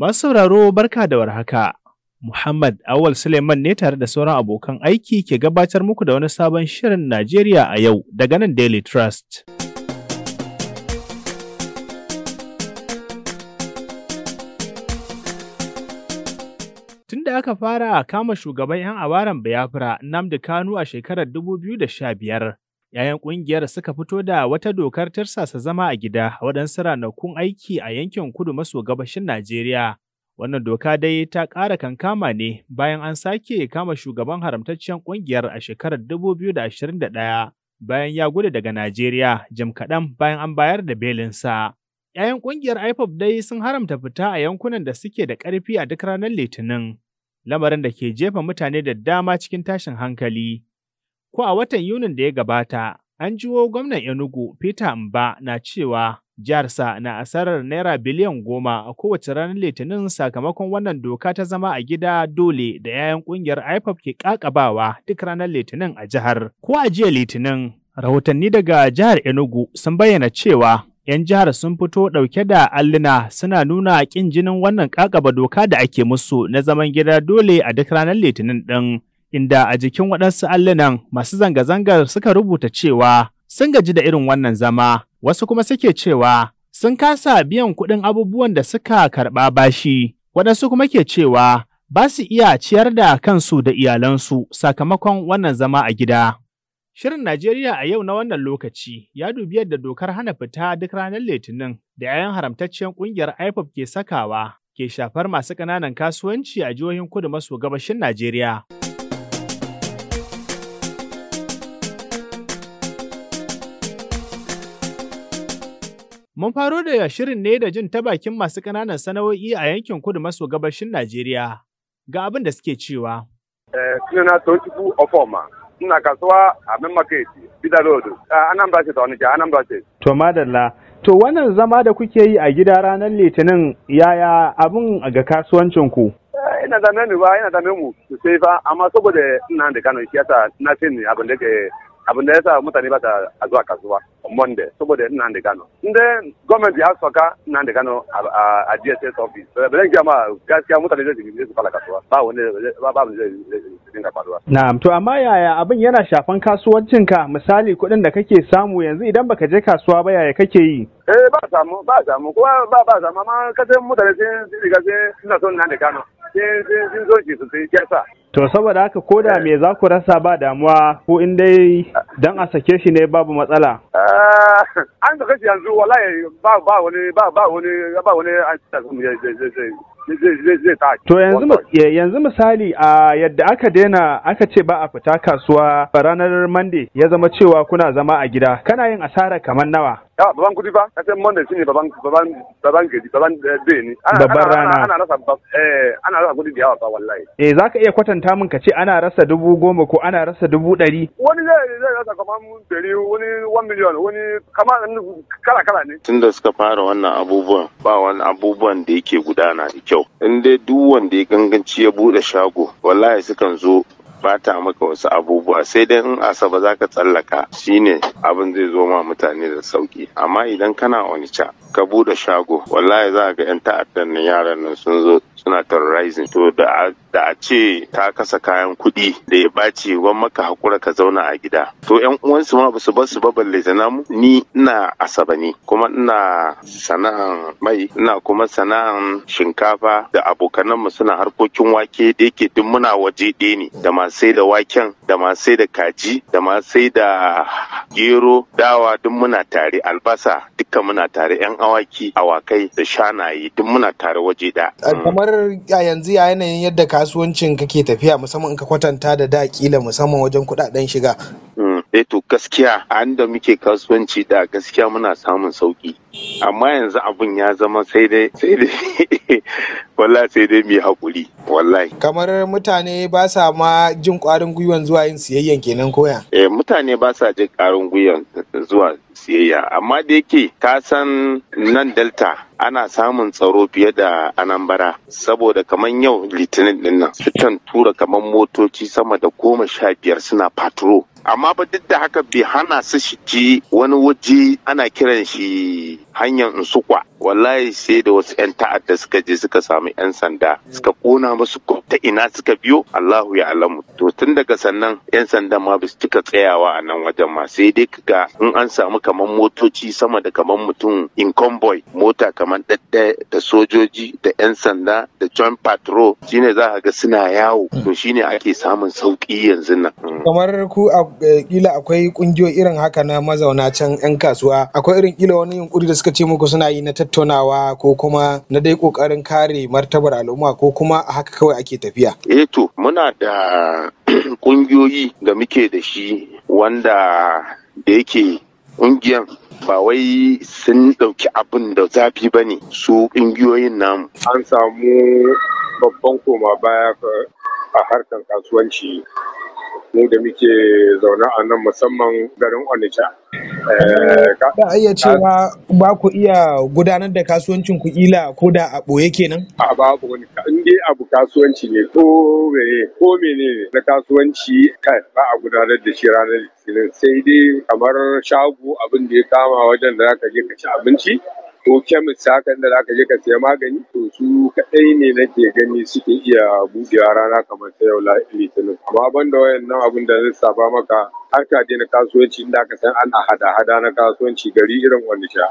Masu sauraro barka da warhaka. Muhammad Awal Suleiman ne tare da sauran abokan aiki ke gabatar muku da wani sabon shirin Najeriya a yau daga nan Daily Trust. tunda aka fara kama shugaban 'yan awaren Biafra Nnamdi Kanu a shekarar 2015, ‘Ya'yan ƙungiyar suka fito da wata dokar tirsasa zama a gida waɗansu ranakun aiki a yankin kudu maso gabashin Najeriya. Wannan doka dai ta ƙara kankama ne bayan an sake kama shugaban haramtaccen ƙungiyar a shekarar 2021 bayan ya gudu daga Najeriya jim kaɗan bayan an bayar da belinsa. ‘Ya'yan ƙungiyar IPOP dai sun haramta fita a yankunan da suke da ƙarfi a duk ranar Litinin, lamarin da ke jefa mutane da dama cikin tashin hankali. ko a watan Yunin da ya gabata, an jiwo gwamnan Enugu Peter Mba na cewa jiharsa na asarar naira biliyan goma a kowace ranar litinin sakamakon wannan doka ta zama a gida dole da yayan kungiyar IPOP ke kakabawa duk ranar litinin a jihar. Ko a jiya litinin, rahotanni daga jihar Enugu sun bayyana cewa 'yan jihar sun fito ɗauke da alluna suna nuna ƙin jinin wannan kakaba doka da ake musu na zaman gida dole a duk ranar litinin ɗin. inda a jikin waɗansu allunan masu zanga-zangar suka rubuta cewa sun gaji da irin wannan zama, wasu kuma suke cewa sun kasa biyan kuɗin abubuwan da suka karɓa bashi, waɗansu kuma ke cewa ba su iya ciyar da kansu da iyalansu sakamakon wannan zama a gida. Shirin Najeriya a yau na wannan lokaci ya dubi yadda dokar hana fita duk ranar Litinin da 'ya'yan haramtacciyar ƙungiyar IPOP ke sakawa ke shafar masu ƙananan kasuwanci a jihohin kudu maso gabashin Najeriya. Mun faro da shirin ne da jin ta bakin masu ƙananan sana'o'i a yankin kudu maso gabashin Najeriya. Ga abin da suke cewa. Eh, sunana a Ofoma, ina kasuwa a Main Market, Bida Road, Anambra State, Onitsha, Anambra State. To madalla, to wannan zama da kuke yi a gida ranar Litinin yaya abin ga kasuwancin ku? Eh, ina zame ni ba, ina zame mu sosai fa, amma saboda ina da Kano shi yasa na fi abin da ke abin da ya sa mutane ba ta zuwa kasuwa monday saboda da gano. ndị gọọmenti ya sọka da gano a dss office bazan gaya ma gaskiya mutane zai zai su fara kasuwa ba wani ba wani zai dinga faruwa na'am to amma yaya abin yana shafan kasuwancinka misali kuɗin da kake samu yanzu idan baka je kasuwa ba yaya kake yi eh ba samu ba samu kuma ba ba samu amma kasan mutane sun riga sun suna son da gano sun sun sun zo shi su sai kyasa To saboda haka koda da me za ku rasa ba damuwa ko in dai dan a sake shi ne babu matsala. Ah, an sake yanzu wallahi ba ba wani ba ba wani ba wani an To yanzu eh, yanzu misali a yadda aka daina aka ce ba a fita kasuwa ranar Monday ya zama cewa kuna zama a gida kana yin asara kamar nawa? yawa ah, baban kudi fa kasan monday shine baban baban baban gari baban eh, day ne babban rana ana rasa eh ana rasa kudi da yawa fa wallahi eh zaka iya kwatanta min ka ce ana rasa dubu goma ko ana rasa dubu ɗari wani zai zai rasa kamar dari wani 1 million wani kamar kala kala ne tunda suka fara wannan abubuwan ba wani abubuwan da yake gudana da kyau Inde dai duk wanda ya ganganci ya bude shago wallahi sukan zo Ba ta maka wasu abubuwa sai dai in asaba za ka tsallaka ne abin zai zo ma mutane da sauki amma idan kana onica ka bude shago wallahi za ga yan ta'addan yaran nan sun zo suna terrorizing to da a ce ta kasa kayan kuɗi da ya ɓaci wan maka hakura ka zauna a gida to yan uwansu ma basu basu ba balle namu ni ina asaba ne kuma ina sana'an mai ina kuma sana'an shinkafa da abokananmu suna harkokin wake da yake duk muna waje ɗaya ne da ma sai da waken da ma sai da kaji da ma sai da gero dawa duk muna tare albasa dukkan muna tare yan awaki awakai da shanaye duk muna tare waje da. kamar kamar a yanzu ya yanayin yadda kasuwancin kake tafiya musamman in ka kwatanta da da kila musamman wajen kudaden shiga mm, eh to gaskiya A da muke kasuwanci da gaskiya muna samun sauki amma yanzu abun ya zama sai dai sai dai wallahi sai dai mu hakuri wallahi kamar mutane ba sa ma jin kwarin gwiwan zuwa yin siyayyan kenan koya eh mutane ba sa jin kwarin gwiwan zuwa siyayya amma da yake ka san nan delta ana samun tsaro fiye da anambara saboda kaman yau litinin din nan sukan tura kaman motoci sama da goma sha biyar suna patro amma ba duk da haka bai hana su ci wani waje ana kiran shi hanyar nsukwa. wallahi sai da wasu 'yan ta'adda suka je suka samu 'yan sanda suka kona musu ta ina suka biyo allahu ya alamu to tun daga sannan 'yan sanda ma ba su cika tsayawa a nan wajen ma sai dai ga in an samu kamar motoci sama da kamar mutum in convoy mota kamar ɗaɗɗe da sojoji da 'yan sanda da joint patrol shine za a ga suna yawo mm. to shine ake samun sauki yanzu nan. Mm. kamar ku eh, kila akwai kungiyoyi irin haka na mazauna can 'yan kasuwa akwai irin kila wani yunkuri da suka ce muku suna yi na tattaunawa ko kuma na dai kokarin kare martabar al'umma ko kuma a haka kawai ake tafiya. eh to muna da ƙungiyoyi da muke da shi wanda da yake ƙungiyar ba wai sun ɗauki abin da zafi ba ne su ƙungiyoyin namu. An samu babban koma baya a harkar kasuwanci mu da muke zaune a nan musamman garin Onitsha. Da eh, iya cewa ba ku iya gudanar da kasuwancin ku ila ko da a ɓoye kenan? A babu wani in dai abu kasuwanci ne ko mene ko mene na kasuwanci kai ba a gudanar da shi ranar litinin sai dai kamar shago abin da ya kama wajen da za ka je ka ci abinci ko kemis hakan da zaka je ka saya magani to su kadai ne nake gani suke iya buɗewa rana kamar ta yau litinin amma ban da wayannan abin da zai saba maka harka dai na kasuwanci inda ka san ana hada-hada na kasuwanci gari irin wani sha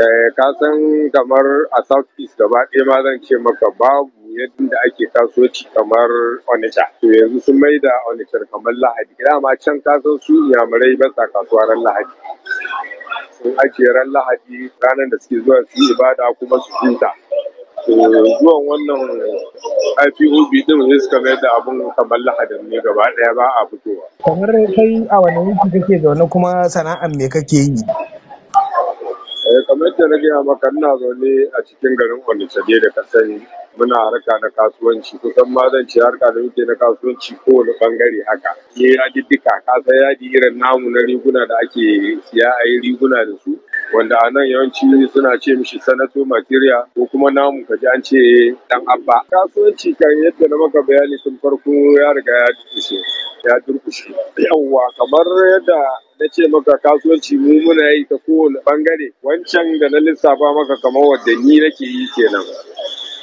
eh, ka san kamar a south east gaba ɗaya ma zan ce maka babu yadda ake kasuwanci kamar onitsha to yanzu sun mai da onitsha kamar lahadi dama can kasan su yamurai ba sa kasuwar lahadi sun ajiye ran lahadi ranar da suke zuwa su yi ibada kuma su huta zuwan wannan ipob din ne suka mai da abun kamar lahadin ne gaba daya ba a fitowa kamar kai a wani yanki kake zaune kuma sana'an me kake yi Eh kamar yadda na gaya maka ina zaune a cikin garin Onitsha da ka sani muna harka na kasuwanci kusan ma zan ce harka da muke na kasuwanci kowane bangare haka. Ke yadiddika ka san yadi irin namu na riguna da ake siya a yi riguna da su wanda a nan yawanci suna ce mishi sanato material ko kuma namu kaji an ce dan abba kasuwanci kan yadda na maka bayani tun farko ya riga ya durkushe ya durkushe yawwa kamar yadda na ce maka kasuwanci mu muna yi ta kowane bangare wancan da na lissafa maka kamar wadda ni nake yi kenan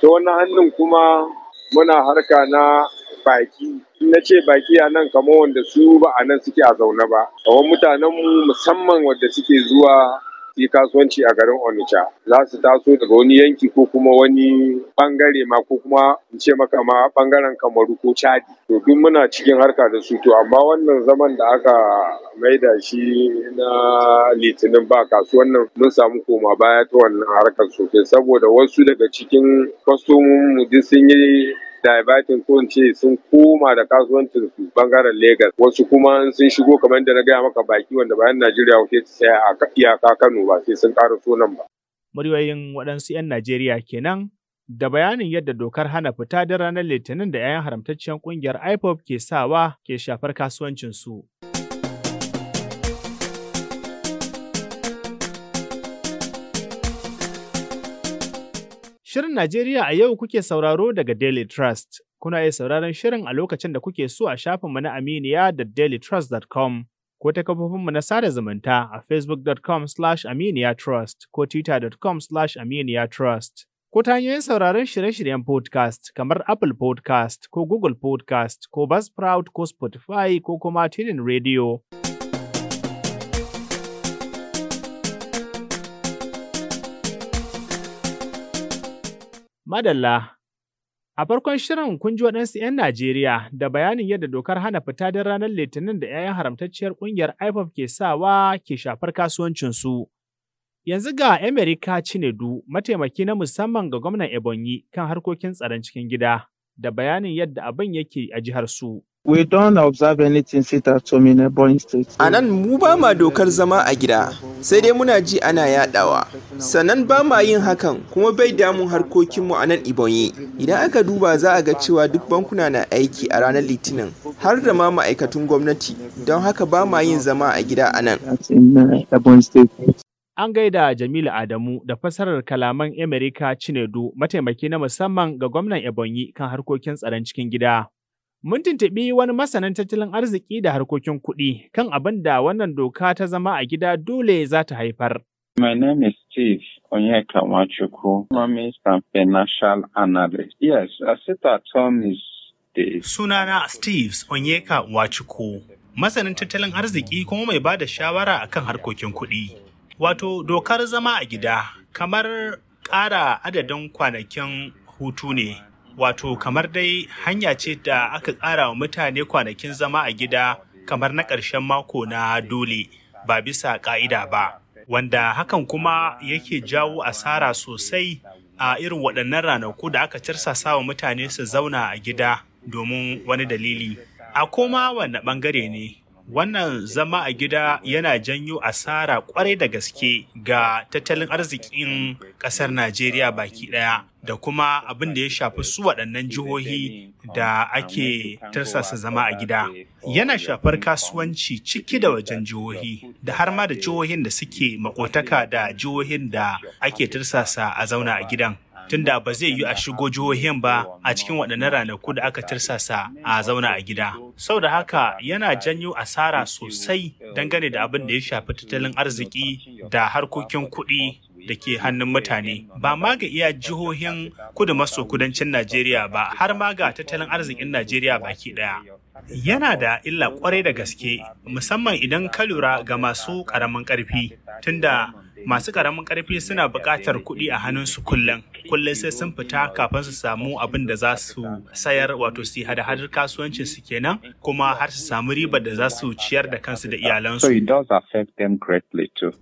to wannan hannun kuma muna harka na baki na ce baki a nan kamar wanda su ba a nan suke a zaune ba kamar mutanenmu musamman wadda suke zuwa yi kasuwanci a garin Onitsha za su taso daga wani yanki ko kuma wani bangare ma ko kuma in ce maka ma bangaren Kamaru ko Chadi to duk muna cikin harka da su to amma wannan zaman da aka maida shi na litinin ba kasuwan nan mun samu koma baya ta wannan harkar sosai saboda wasu daga cikin kwastomomin mu duk sun yi diverting ko in ce sun koma da kasuwancin su bangaren Legas wasu kuma sun shigo kamar da na gaya maka baki wanda bayan Najeriya wuce su saya a iyaka Kano ba sai sun ƙara sunan ba. Muryoyin waɗansu 'yan Najeriya kenan da bayanin yadda dokar hana fita da ranar Litinin da 'ya'yan haramtaccen ƙungiyar IPOP ke sawa ke shafar kasuwancin su. Shirin Najeriya a yau kuke sauraro daga Daily Trust. Kuna iya sauraron shirin a lokacin da kuke so a shafinmu na Aminiya da dailytrust.com ko ta kafofinmu na sada zumunta a facebook.com slash aminiyatrust ko twitter.com slash aminiyatrust. Ko ta hanyoyin sauraron shirye-shiryen podcast kamar Apple podcast ko Google podcast ko Buzzsprout ko Spotify ko kuma Tinin Radio. Madalla, a farkon shirin kun ji waɗansu ‘yan Najeriya da bayanin yadda dokar hana fita don ranar Litinin da ‘ya'yan haramtacciyar ƙungiyar IPOP ke sawa ke shafar kasuwancinsu. Yanzu ga Amerika Cinedu, mataimaki na musamman ga gwamnan Ebonyi kan harkokin tsaron cikin gida, da bayanin yadda abin yake a jihar su. We don't observe anything sit at home in boring State. A nan mu ba ma dokar zama a gida, sai dai muna ji ana yadawa. Sannan ba ma yin hakan kuma bai damun harkokinmu a nan Ebonyi. Idan aka duba za a ga cewa duk bankuna na aiki a ranar Litinin har da ma ma'aikatun gwamnati don haka ba ma yin zama a gida a nan. Uh, An gaida Jamilu Adamu da fassarar kalaman Amerika Chinedu mataimaki na musamman ga gwamnan Ebonyi kan harkokin tsaron cikin gida. Mun tuntuɓi wani masanin tattalin arziki da harkokin kuɗi kan abin da wannan doka ta zama a gida dole za ta haifar. My name is Steve Onyeka Machuku, economist and financial analyst. Yes, I sit at home is Sunana Steve Onyeka Machuku, masanin tattalin arziki kuma mai ba da shawara kan harkokin kuɗi. Wato dokar zama a gida kamar ƙara adadin kwanakin hutu ne wato kamar dai hanya ce da aka ƙara wa mutane kwanakin zama a gida kamar na ƙarshen mako na dole ba bisa ƙa'ida ba wanda hakan kuma yake jawo asara sosai a irin waɗannan ranaku da aka cirsasa wa mutane su zauna a gida domin wani dalili a koma wanne ɓangare ne wannan zama a gida yana janyo asara kwarai da gaske ga tattalin arzikin ƙasar Najeriya baki ɗaya da kuma abin da ya shafi su waɗannan jihohi da ake tarsasa zama a gida. Yana shafar kasuwanci ciki da wajen jihohi da har ma da jihohin da suke makotaka da jihohin da ake tarsasa a zauna a gidan. tunda ba zai yi a shigo jihohin ba a cikin waɗannan ranaku da aka tirsasa a zauna a gida. Sau da haka yana janyo asara sosai dangane da abin da ya shafi tattalin arziki da harkokin kuɗi da ke hannun mutane ba ma ga iya jihohin kudu maso kudancin Najeriya ba har ma ga tattalin arzikin Najeriya baki ɗaya. Yana da illa kwarai da gaske musamman idan ka lura ga masu karamin karfi tunda masu ƙaramin karfi suna buƙatar kuɗi a hannunsu kullum kullum sai sun fita kafin su samu abin da za su sayar wato su hada-hadar kasuwancin su kenan kuma har su samu ribar da za su ciyar da kansu da iyalansu.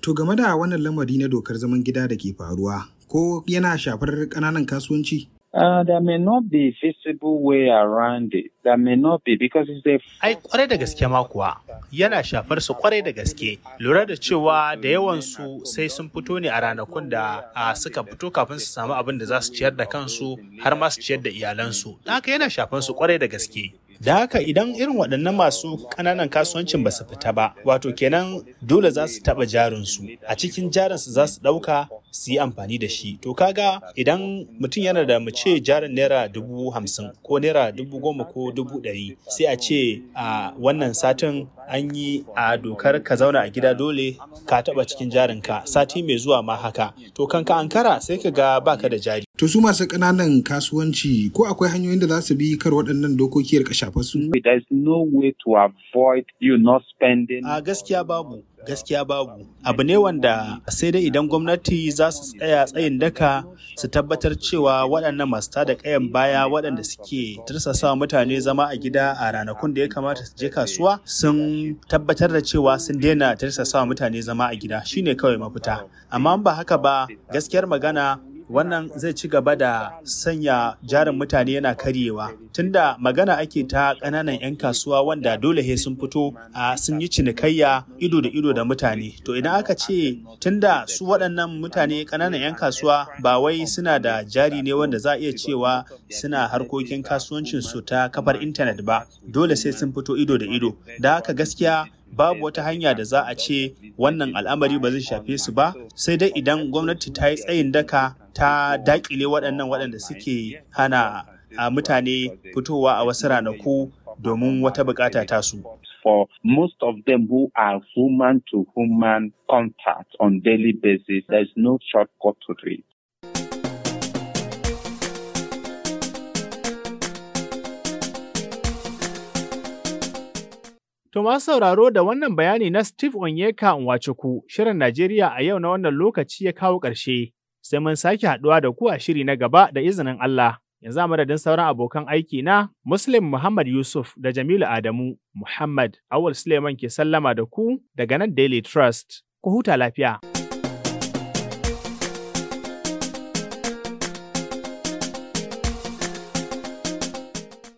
To game da wannan lamari na dokar zaman gida da ke faruwa ko yana shafar ƙananan kasuwanci? Uh, be visible way around it. There be because it's Ai kwarai da gaske ma kuwa yana shafar su kwarai da gaske. Lura da cewa da yawan su sai sun fito ne a ranakun da suka fito kafin su samu abin da za su ciyar da kansu har ma su ciyar da iyalansu. Haka yana shafar su kwarai da gaske. da haka idan irin waɗannan masu ƙananan kasuwancin ba su fita ba wato kenan dole za su taɓa jarinsu a cikin jarinsu za su ɗauka su yi amfani da shi to kaga idan mutum yana da mace jarin naira dubu hamsin ko naira dubu goma ko dubu ɗari sai a ce a wannan satin an yi a dokar ka zauna a gida dole ka taɓa cikin jarin ka sati mai zuwa ma haka to kanka ankara sai ka ga baka da jari To su masu ƙananan kasuwanci ko akwai hanyoyin da za su bi kar waɗannan dokoki ya shafa su? A gaskiya babu. gaskiya babu abu ne wanda sai dai idan gwamnati za su tsaya tsayin daka su tabbatar cewa waɗannan masu tada ƙayan baya waɗanda suke tursasa mutane zama a gida a ranakun da ya kamata su je kasuwa sun tabbatar da cewa sun daina tursasa mutane zama a gida shine kawai mafita amma ba haka ba gaskiyar magana wannan zai ci gaba da sanya jarin mutane yana karyewa tunda magana ake ta ƙananan 'yan kasuwa wanda dole he sun fito a sun yi cinikayya ido da ido da mutane to idan aka ce tunda su waɗannan mutane ƙananan 'yan kasuwa ba wai suna da jari ne wanda za a iya cewa suna harkokin kasuwancin su ta kafar intanet ba dole sai sun fito ido da ido da haka gaskiya babu wata hanya da za a ce wannan al'amari ba zai shafe su ba sai dai idan gwamnati ta yi tsayin daka ta dakile waɗannan waɗanda suke hana a mutane fitowa a wasu ranaku domin wata bukata tasu. for most of them who are human to human contact on daily basis, there's no shortcut to it. To sauraro da wannan bayani na Steve Onyeka Nwachukwu, Shirin Najeriya a yau na wannan lokaci ya kawo ƙarshe. sai mun sake haɗuwa da ku a shiri na gaba da izinin Allah. Yanzu a madadin sauran abokan aiki na Muslim Muhammad Yusuf da Jamilu Adamu Muhammad Awul Suleiman ke sallama da ku daga nan Daily Trust. Ku huta lafiya.